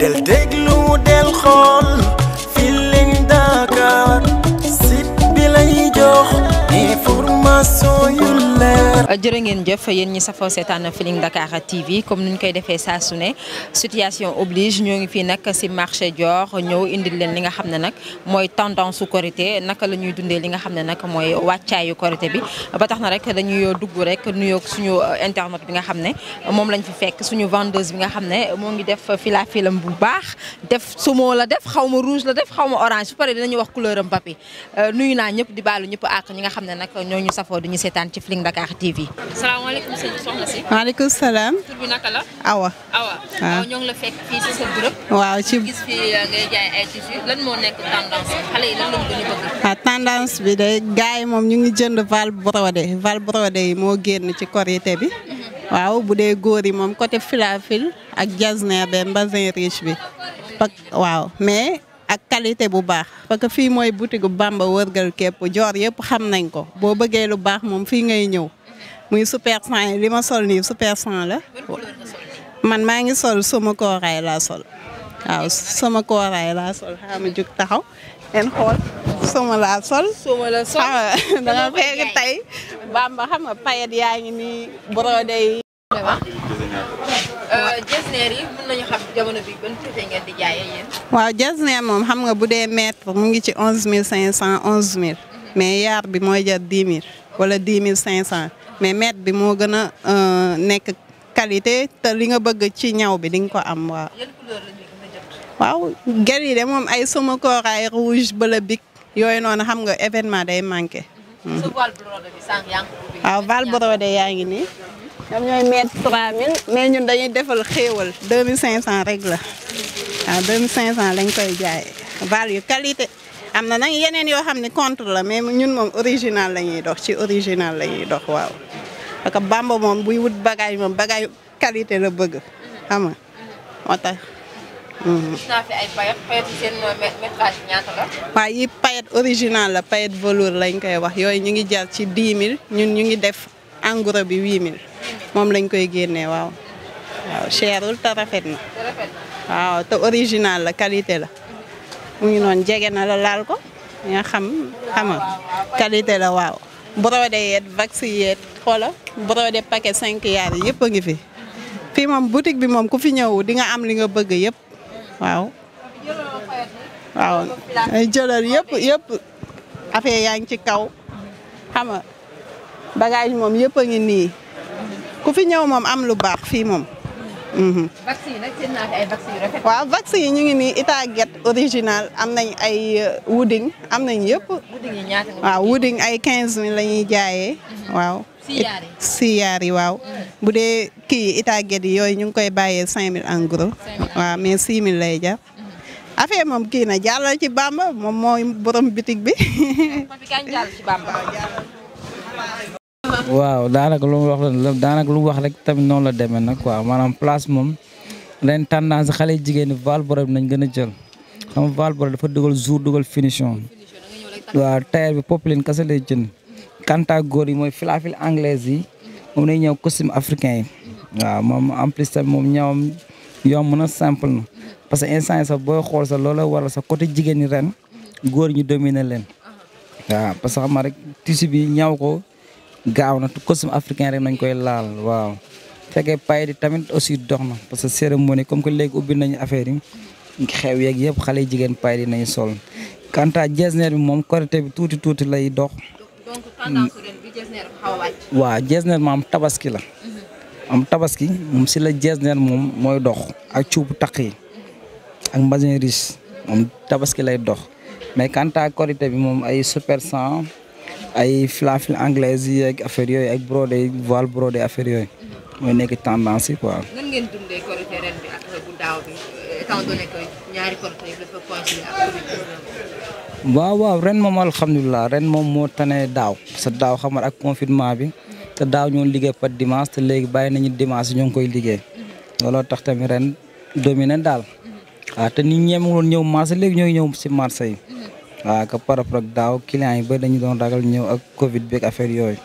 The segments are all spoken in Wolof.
del déglu del xool Feeling Dakar site bi lay jox information jërë ngeen jëf yéen ñi safoo seetaan Feeling Dakar TV comme ni ñu koy defee saa su ne situation oblige ñoo ngi fii nag si marché Dior ñëw indi leen li nga xam ne nag mooy tendance su Korité naka la ñuy dundee li nga xam ne nag mooy wàccaayu Korité bi ba tax na rek dañuy dugg rek nuyoog suñu euh, internet bi nga xam ne moom lañ fi fekk suñu vendeuse bi nga xam ne moo ngi def filafilam bu baax def sumo la def xaw ma rouge la def xaw ma orange su paree dinañu wax couleur am papi euh, nuyu naa ñëpp di baalu ñëpp ñi nga xam ne nag ñoo ñu safoo duñu seetaan TV. salaam. tur bi ah. waaw ci gis fi euh, ngay jaay ay tissus lan moo nekk tendance bi xale ah, yi moom ñu ngi jënd val brodé val brodé yi moo génn ci korite bi. Mhm. waaw bu dee góor yi moom côté filafil ak jasner be mbasin riche bi. waaw mais. ak qualité bu baax parce que fii mooy boutique bu Bamba wërgal képp joor yëpp xam nañ ko boo bëggee lu baax moom fii ngay ñëw muy super 100 yi li ma sol nii super 100 la. man maa ngi sol sama kooraay laa sol waaw sama kooraay laa sol xaaral ma jug taxaw ngeen xool sama laa sol. sama la sol xam nga da tey xam nga payet yaa ngi nii brodé yi. Euh, jasneer yi mën moom xam nga bu dee mètre mu ngi ci onze mille cinq cent onze mille. Mhm. mais yaar bi mooy jar dix mille wala dix mille cinq cent. mais maître bi moo gën a euh, nekk qualité te li nga bëgg ci ñaw bi di nga ko am waaw. waaw gel yi de moom ay sama koor ay rouge bële bic yooyu noonu xam nga événement day manqué. Mm-hmm. waaw val brodé yaa ngi nii. Mm-hmm. ñoom ñooy mettre 3000 mais ñun dañuy defal xéewal 2500 rek la mm-hmm. waaw 2500 lañ koy jaay val yu qualité. am na nag yeneen yoo xam ne contre la mais ñun moom original la ñuy dox ci original la ñuy dox waaw parce que Bamba moom buy wut bagage moom bagage qualité la bëgg xam nga moo tax. Hmm. naa yi payet original la payet velours lañ koy wax yooyu ñu ngi jar ci dix mille ñun ñu ngi def engrais bi huit mille moom lañ koy génnee waaw. waaw cherul rafet na. waaw te original la qualité la. mu ngi noonu jege na la laal ko nga xam xam qualité la waaw. brodé yeet vax yeet xoola brodé paquet 5 yaar yi yëpp a ngi fi fii moom boutique bi moom ku fi ñëw di nga am li nga bëgg yëpp waaw. waaw jëlal yëpp yëpp affaire yaa ngi ci kaw xam nga bagage moom yëpp a ngi nii ku fi ñëw moom am lu baax fii moom. vaccin yi nag seen naa yi ñu ngi nii Itaget original am nañ ay euh, wuding am nañ yëpp. wuding wuding ay 15000 la lañuy jaaye mhm. waaw si waaw. Mhm. bu dee kii Itaget yi yooyu ñu ngi koy bàyyee cinq mille gros. waaw mais 6000 lay jar. Mhm. affaire moom kii na jàllal ci Bamba moom mooy borom bitig bi. waaw daanaka lu wax la daanaka lu wax rek tamit noonu la demee nag waaw maanaam place moom ren tendance xale yu jigéen ñi Val Boré bi nañ gën a jël xam nga Val Boré dafa dugal jour dugal finition waaw tailleur bi popeline kese lay jënd kanta góor yi mooy filafil anglaise yi moom lay ñëw costume africain yi waaw moom en plus tamit moom ñawam yomb na simple na parce que instant sa sax booy xool sa loolu waral sa côté jigéen ñi ren góor ñu dominer leen waaw parce que xam nga rek tissu bi ñaw ko gaaw na costume africain rek nañ koy laal waaw. fekkee pay tamit aussi dox na parce que cérémonie comme que léegi ubbi nañu affaire yi xew yeeg yëpp xale yi jigéen pay di nañ sol quant jees jesner bi moom korité bi tuuti tuuti lay dox. waaw tendance ren bi maam tabaski la. Mhm. am tabaski moom si la jees jesner moom mooy dox ak cuubu taq yi ak mbasin riche moom tabaski lay dox mais quant à bi moom ay super cent. ay falafel anglaise yi ak affaire yooyu ak brodé voile brodé affaire yooyu. mooy nekk tendance yi quoi. waaw waaw ren moom alhamdulilah ren moom moo tane daaw sa daaw xam ak confinement bi. te daaw ñoo liggéey par dimanche te léegi bàyyi nañu dimance ñoo ngi koy liggéey. looloo tax tamit ren dominé daal. Mhm. ah te nit ñi ñemewuloon ñëw marché léegi ñoo ngi ñëw si marché yi. waaw que par rapport daaw client yi ba dañu doon ragal ñëw ak Covid beeg affaire yooyu.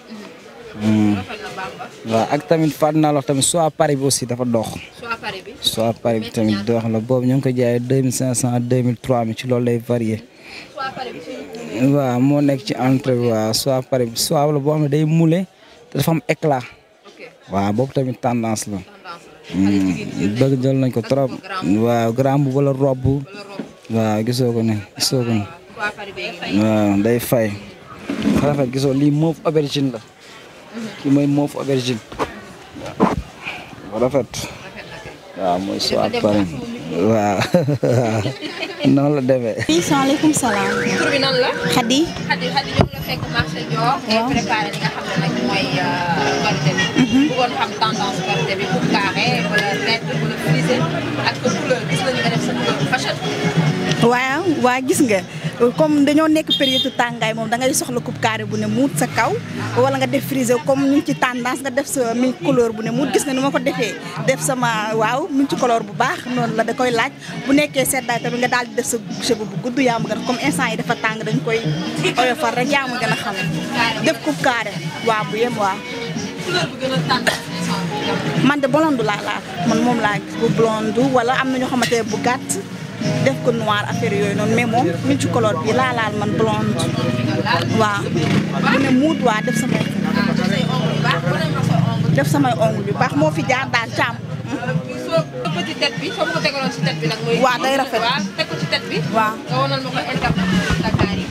Hmm. waaw ak tamit faat naa wax tamit soit pari bi aussi dafa dox. soit pari bi tamit dox la boobu ñoo ngi ko jaayee deux mille cinq cent deux mille trois mille ci loolu lay varié. waaw moo nekk ci entre waaw soit pari bi soit la boo xam ne day mule te dafa éclat. waaw boobu tamit tendance la. Hmm, bëgg jël nañ ko trop. waa grand bu wala robe. waaw gisoo ko ne gisoo waaw day fay rafet gisoo lii moof aubergine la ki mooy moof aubergine waaw rafet waaw mooy soit parin waaw noonu la demee. asalaamaaleykum euh, mhm. waaw waaw gis nga. comme dañoo nekk période tàngaay moom da ngay soxla coupe carré bu ne muut sa kaw wala nga def frisé comme ñu ngi ci tendance nga def sa mi couleur bu ne muut gis nga ni ma ko defee def sama waaw mi ci couleur bu baax noonu la da koy laaj bu nekkee seddaay tamit nga daal di def sa cheveux bu gudd yaa ma gën a comme instant dafa tàng dañ koy oyofal rek yaa ma gën a xam def coupe carré waaw bu yem waaw man de blonde laa laa man moom laa bu blonde wala am na ñoo xamante bu gàtt def ko noir affaire yooyu noonu mais moom multicolore bi laalaal man blonde waaw mu ne muut waa def samay def yu baax moo fi jaar daal càmm bi nag mooy waaw day rafet waaw nga wonal ma ko interprète Dakar yi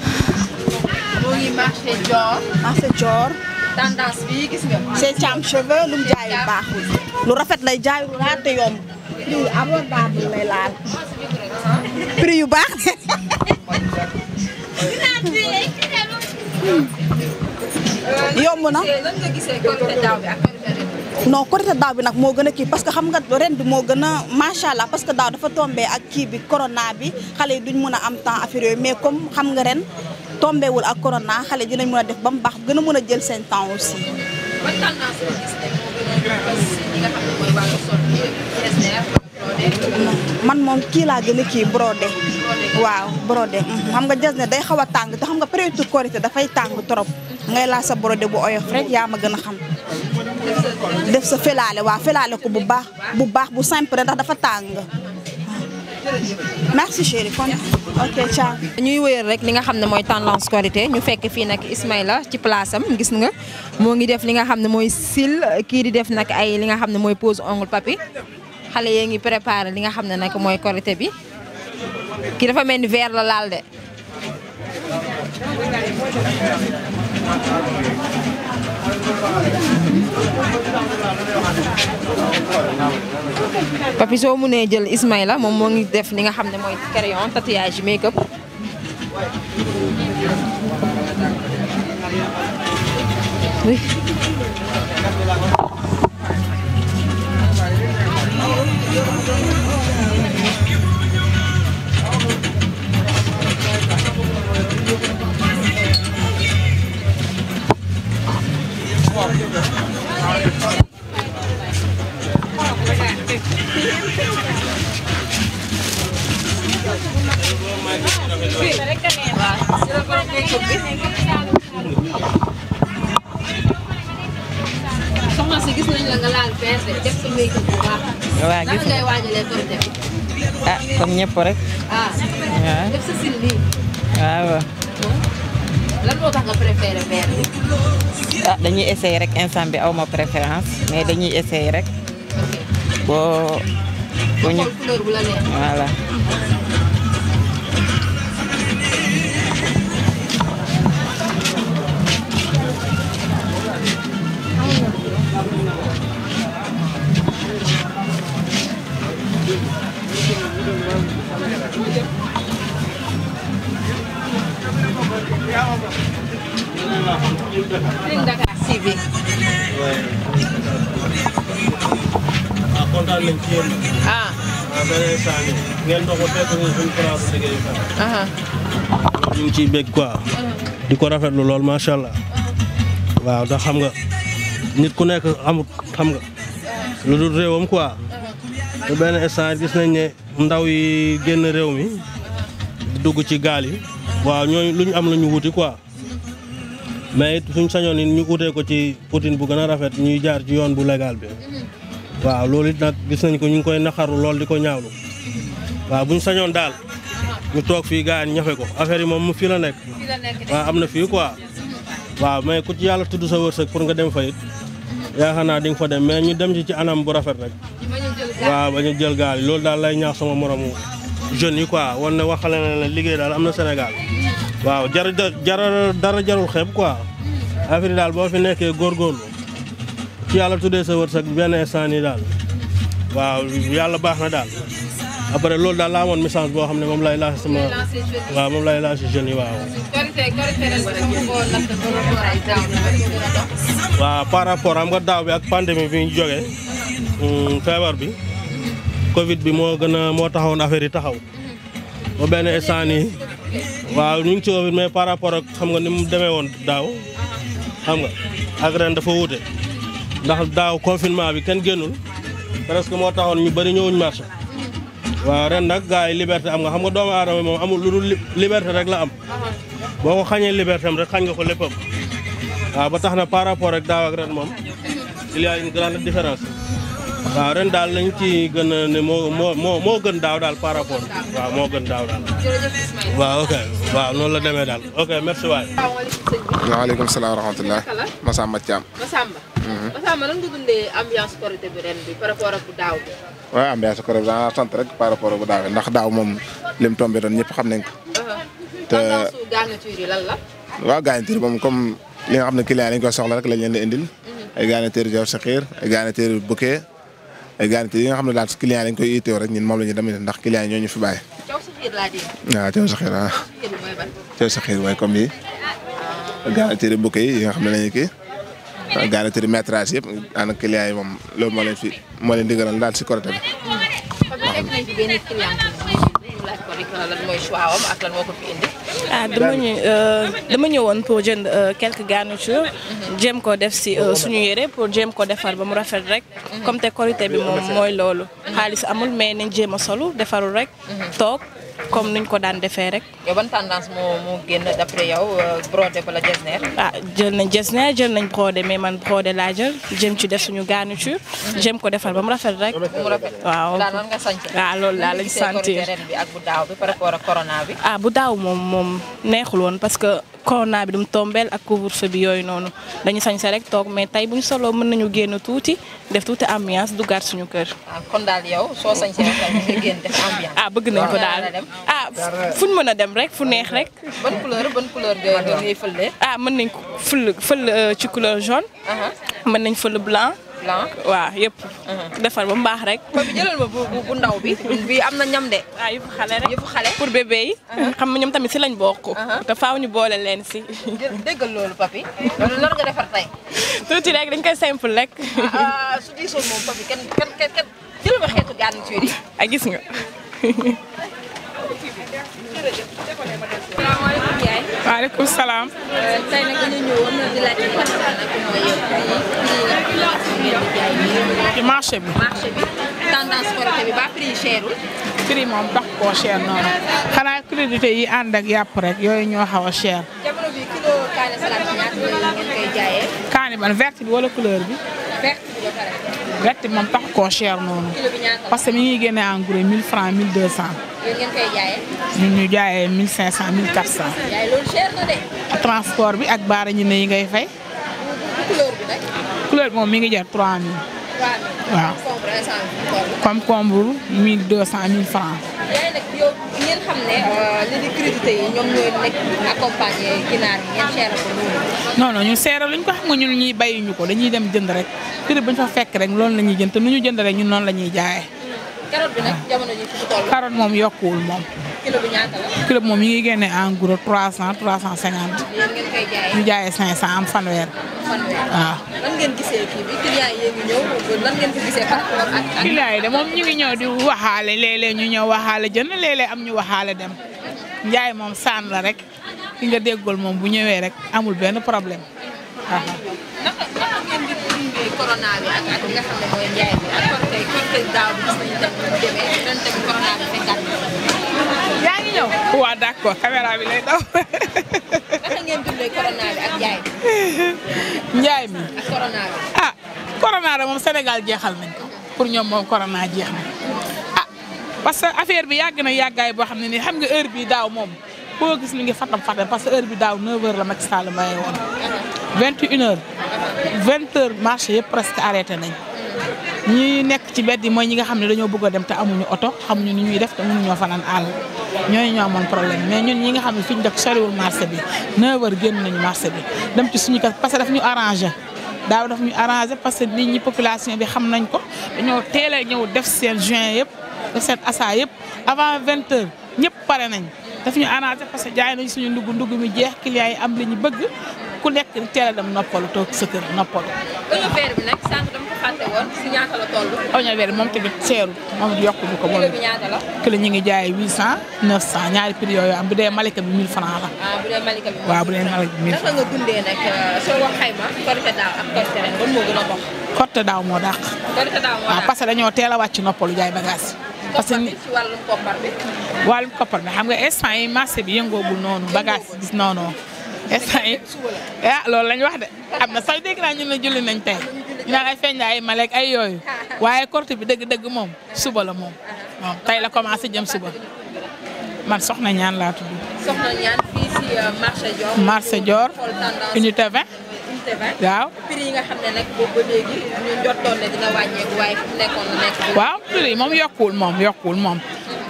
moo ngi marché Dior gis nga c'est jaayul baaxul lu rafet lay jaay lu lu lay laal yu baax de. yomb na. non Korité daaw bi nag moo gën a kii parce que xam nga ren bi moo gën a macha allah parce que daaw dafa tombé ak kii bi corona bi xale yi duñ mën a am temps affaire yooyu mais comme xam nga ren tombewul ak corona xale dinañ mën a def ba mu baax gën a mën a jël seen temps aussi. man moom kii laa gën a kii brodé waaw brodé xam nga jas ne day xaw a tàng te xam nga période korité dafay tàng trop ngay laa sa brodé bu oyof rek yaa ma gën a xam def sa felaale waa felaale ko bu baax bu baax bu simple ndax dafa tàng merci chérie kon ok ciao. ñuy wéyal rek li nga xam ne mooy tendance korité ñu fekk fii nag Ismaïla ci place am gis nga moo ngi def li nga xam ne mooy sil kii di def nag ay li nga xam ne mooy pose ongle papi xale yaa ngi préparé li nga xam ne nag mooy korité bi ki dafa mel ni veer la laal de. papi soo mënee jël ismay la moom moo ngi def li nga xam ne mooy crayon tatouage make up. Correctamente. def sa méykat rek. waaw. lan tax ah, dañuy essayer rek instant bi aw ma préférence mais dañuy essayer rek. ok boo. Dakar TV ah kontaan nañ ci yéen ah beneen saa yi ngeen dox ba fekk ngeen suñu place liggéey bi ñu ngi ciy bég quoi di ko rafetlu lool macha allah waaw ndax xam nga nit ku nekk amut xam nga lu dul réewam quoi ba benn instant gis nañ ne ndaw yi génn réew mi dugg ci gaal yi waaw ñooñu lu ñu am la ñu wuti quoi mais it suñ sañoon it ñu utee ko ci utine bu gën a rafet ñuy jaar ci yoon bu légal bi waaw loolu it nag gis nañ ko ñu ngi koy naxaru lool di ko ñaawlu waaw buñ sañoon daal ñu toog fii gaa yi ñafe ko affaire yi moom fii la nekk waaw am na fi quoi waaw mais ku ci yàlla tudd sa wërsëg pour nga dem fa it yaakaar naa di nga fa dem mais ñu dem ci ci anam bu rafet rek waaw ba ñu jël gaal loolu daal lay ñaax sama moromu jeunes yi quoi war na waxale na liggéey daal am na senegal waaw jar jar dara jarul xeeb quoi affaire daal boo fi nekkee góorgóorlu ci yàlla tuddee sa wërsëg benn instant yi daal waaw yàlla baax na daal après loolu daal laa amoon message boo xam ne moom lay laaj sama waaw moom lay laaj si jeunes yi waaw. waaw par rapport am nga daaw bi ak pandémie bi ñu hmm, feebar bi. Covid bi moo gën a moo taxawoon affaire yi taxaw ba benn instant nii waaw ñu ngi ci Covid mais par rapport ak xam nga ni mu demee woon daaw xam nga ak ren dafa wuute ndax daaw confinement bi kenn génnul presque moo taxoon ñu bëri ñëwuñ marché waaw ren nag gaa yi liberté am nga xam nga doomu aadama moom amul lu dul liberté rek la am boo ko xañee liberté am rek xañ nga ko léppam waaw ba tax na par rapport ak daaw ak ren moom il y grande différence waaw ren daal lañ ci gën a ne moo gën daaw daal par rapport waaw moo gën daaw daal waaw ok waaw noonu la demee daal ok merci waay. waaleykum salaam wa rahmatulah. Massamba Thiam. Massamba. Massamba mhm. nan nga dundee ambiance Korité bi ren bi par rapport ak bu daaw bi. waaw ambiance Korité bi daanaka sant rek par rapport ak bu daaw bi ndax daaw moom lim tombé doon ñëpp xam nañ ko. Uh-huh. te tendance su la. waaw garniture moom comme li nga xam ne client lañ ko soxla rek lañ leen di indil. Mhm. ay garniture ay garanti yi nga xam ne daal client dañ koy itteew rek ñun moom la ñu demee ndax client ñoo ñu fi bàyyi. coow sa xiir laa dégg. waaw coow sa xiir waaw. Ah. coow sa xiir mooy comme nii. Ah. garanti de bouquet yi nga xam ne lañu kii. Ah, garanti de métrage yëpp ànd client yi moom loolu moo leen fi moo leen digalal daal si Korité bi. waaw kon ah dama ñu euh, dama ñëwoon pour jënd euh, quelque garnitures jéem ko def si euh, suñu yére pour jéem ko defar ba mu rafet rek comme te korité bi moom mooy loolu xaalis amul mais nañ jéem a solu defarul rek toog comme nuñ ko daan defee rek. yow ban tendance moo moo génn d'après yow euh, brodé wala jesner. ah jël nañ jesner jël nañ brodé mais man brodé laa jël jëm ci def suñu garniture. Mhm. jëm ko defal ba mu rafet rek. waaw daal lan nga sant. Ah, waaw loolu daal lañ sentir ren bi ak bu daaw bi par rapport ak corona bi. ah bu daaw moom moom neexul woon parce que. kon naa bi dum tombeel ak couvre-feu bi yooyu noonu dañu sañse rek toog mais tey bu ñu soloo mën nañu génn tuuti def tuuti du duggaat suñu kër. Ah, kon daal yow soo sañsee génn def ambiance. ah bëgg nañ ko daal ah fu ñu mën a dem rek fu neex rek. ban couleur ban couleur ngay fële. ah mën nañ fël fël euh, ci couleur jaune. mën nañ fël blanc. blanc. waaw yëpp. Uh-huh. defar ba mu baax rek. ko jëlal ma bu ndaw bi. bi am na ñam de. waaw yëfu xale rek yëfu xale. pour bébé uh-huh. xam nga ñoom tamit si lañ bokk. Uh-huh. te faaw ñu boole leen si. déggal loolu papi loolu lan nga defar tey. tuuti dañ koy simple rek. Ah, ah, su diisoon moom papi kenn kenn jëlal ma xeetu garniture yi. ah gis nga. waaleykum salaam. ci marché bi. marché bi tendance Korité bi ba prix cherul. prix moom tax koo cher noonu xanaa crédité yi ànd yàpp rek yooyu ñoo xaw a cher. jamono bi kilo kaane ban verte bi wala couleur bi. gàtt moom tax ko cer noonu parce que mi ngi génne en gros 1000 francs 1200. yooyu ngeen koy jaayee. ñun ñu jaayee 1500 transport bi ak baara ñu ne yi ngay fay. couleur bi moom mi ngi jar 3000. 3000 waaw. concombre 1200 1000 francs. yaay nag yow. ngeen xam ne li euh, ñu seera luñ ko xam nga ñun ñuy bàyyiñu ko dañuy dem jënd rek prix bu ñu fa fekk rek loolu la ñuy jënd te nu ñu jënd rek ñun noonu la ñuy jaayee. carotte bi nag jamono ji fi mu toll. carotte moom yokkuwul moom. kilo bi ñaata la. moom mi ngi génne en gros trois cent trois cent cinquante. ñu jaayee cinq cent am fanweer. fanweer waaw. lan moom ñu ñëw di waxaale léeg ñu ñëw waxaale jënd léeg am ñu waxaale dem njaay moom saan la rek ki nga déggul moom bu ñëwee rek amul benn problème ñëw. waaw d'accord caméra bi lay daw. njaay mi. njaay mi ak corona ah, moom Sénégal jeexal nañ ko pour ñoom moom corona jeex na ah parce que affaire bi yàgg na yàggaay boo xam ne nii xam nga heure bi daaw moom boo gis mi ngi fatam fatam parce que heure bi daaw 9h la Macky Sall maye woon 21h ah. 20h marché yëpp presque arrêté nañ. ñu nekk ci mbedd yi mooy ñi nga xam ne dañoo bëgg dem te amuñu oto xamuñu ni ñuy def te mënuñoo fanaan àll ñooñu ñoo amoon mais ñun ñi nga xam ne fi ñu bi 9h génn nañu marché bi dem ci suñu kër parce que daf ñu arrangé daaw daf ñu arrangé parce que nit ñi population bi xam nañ ko dañoo teel a ñëw def seen juin yëpp def seen assa yëpp avant 20h ñëpp pare nañ daf ñu arrangé parce que jaay nañ suñu ndugg ndugg mi jeex clients yi am li ñu bëgg ku nekk teel a dem noppalu toog sa kër noppalu. fàtte woon si ñaata la toll. moom tamit seeru moom yokk ñu ko. kilo bi ñaata kilo ñu ngi jaay 800 900 ñaari prix yooyu am bu dee Malika bi 1000 francs la. Ah, bu dee Malika bi. waaw bu dee Malika euh, daaw moo gën a bokk. Korité daaw moo dàq. Korité daaw moo ah, dàq waaw parce que dañoo teel a wàcc noppalu jaay bagage parce que ci wàllum bi. wàllum koppar xam nga instant yi marché bi yëngoogul noonu bagage gis noonu instant yi ah loolu lañ wax de am na sax dégg naa ñu ne julli nañ tey ndax ay fey la ay malek ay yooyu waaye korte bi dëgg-dëgg moom suba la moom moom tey la commencé jëm suba man soxna ñaan laa tudd. soxna ñaan fii si euh, waaw. prix ñu njortoon ne dina wàññeeku waaye fu moom yokkuwul moom yokkuwul moom.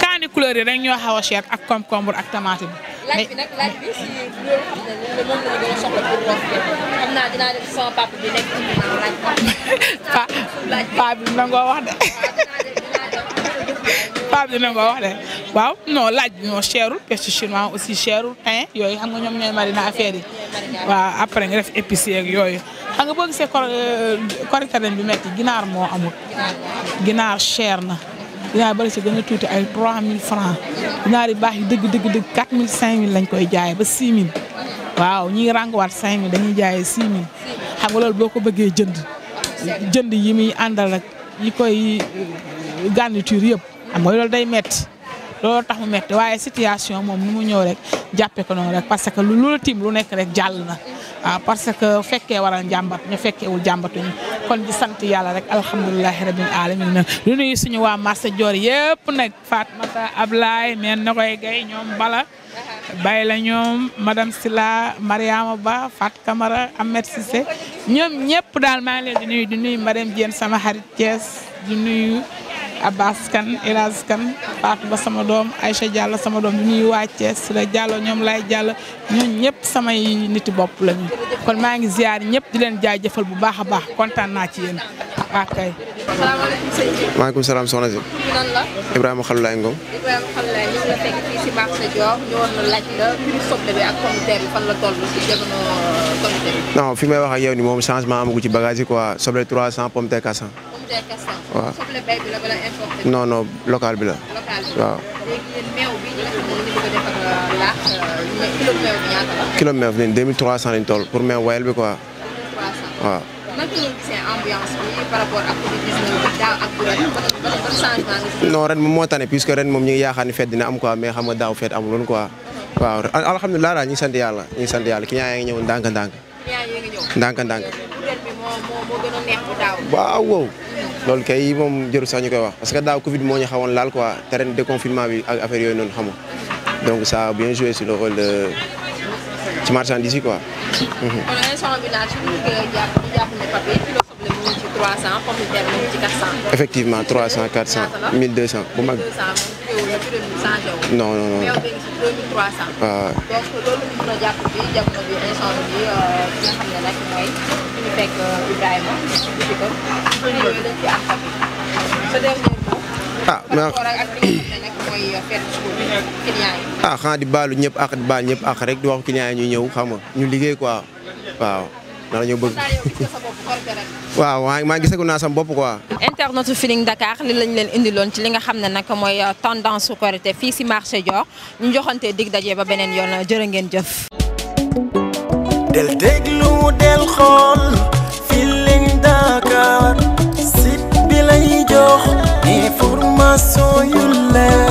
kaani couleur rek ñoo xaw a cher ak concombre ak tomate bi. laaj bi bi si loolu na ko wax de. papa bi dina ko de waaw non laaj bi non cherul pêche chinois aussi cherul pain yooyu xam nga ñoom ñooy marina affaire yi. waaw après nga def épicier yooyu. xam nga boo gisee euh, bi metti ginaar moo amul. ginaar cher na. ginaar bari si gën a tuuti ay 3000 francs ginaar yi baax yi dëgg dëgg dëgg 4000 5000 lañ koy jaayee ba 6000 waaw ñi ngi rànguwaat 5000 dañuy jaayee 6000 xam nga loolu boo ko bëggee jënd jënd yi muy àndal ak yi koy uh, garniture yëpp xam nga loolu day metti loolu tax mu metti waaye situation moom ni mu ñëw rek jàppe ko noonu rek parce que lu la tiim lu nekk rek jàll na waaw parce que fekkee waral njàmbat ñu fekkeewul jàmbatuñu kon di sant yàlla rek alhamdulilahi rabil alamin lu nuyu suñu waa marché Dior yëpp nag Fatmata Ablaye meen na koy gay ñoom bala bay la ñoom madame Sila Mariama Ba Fat Camara Ahmed Cissé ñoom ñëpp daal maa ngi leen di nuyu di nuyu madame sama xarit Thiès di Abbas Kane Elaz Kane Ba sama doom Aïcha Diallo sama doom bi ñuy wàccee si la Diallo ñoom lay Diallo ñun ñëpp samay niti bopp lañu kon maa ngi ziar ñëpp di leen jëfal bu baax a baax kontaan naa ci yéen waaw kay. salaamaaleykum sëñ Ibrahima Xalulaay Ngom. Ibrahima Xalulaay ñu ngi la fekk fii si marché fi may wax ak yow ni moom changement amagu ci bagage yi quoi soble 300 pomme de terre 400. waaw soble bay bi la wala importé. non non local bi la. local bi waaw. léegi pour meew wayal bi quoi. 2300 ren moom moo tane puisque ren moom ñu ngi ni fête dina am quoi mais xam nga daaw fête amul woon quoi. waaw daal ñu ngi sant yàlla ngi sant yàlla ki ñaa ngi ñëw ndànk-ndànk. ki ñaa ngi ñëw waaw loolu kay moom jëru sax ñu koy wax parce que daaw Covid moo ñu xawoon laal quoi te ren déconfinement bi ak affaire yooyu noonu xam donc ça a bien joué sur le rôle de ci marchandise yi quoi. effectivement trois cent daal cent jàpp ñu jàpp bu mag. non non non. Ah, a jàpp ah xanaa di baalu ñëpp ak di baal ñëpp ak rek di wax client ñu ñëw xam ñu liggéey quoi waaw. ndax dañoo bëgg. waaw maa maa gisagu naa sama bopp quoi. internet Feeling Dakar li lañ leen indiloon ci li nga xam ne nag mooy euh, tendance su Korité fii si marché Dior ñu joxante dig daje ba beneen yoon jërë ngeen jëf. del déglu del xool Feeling Dakar site lay jox information yu leer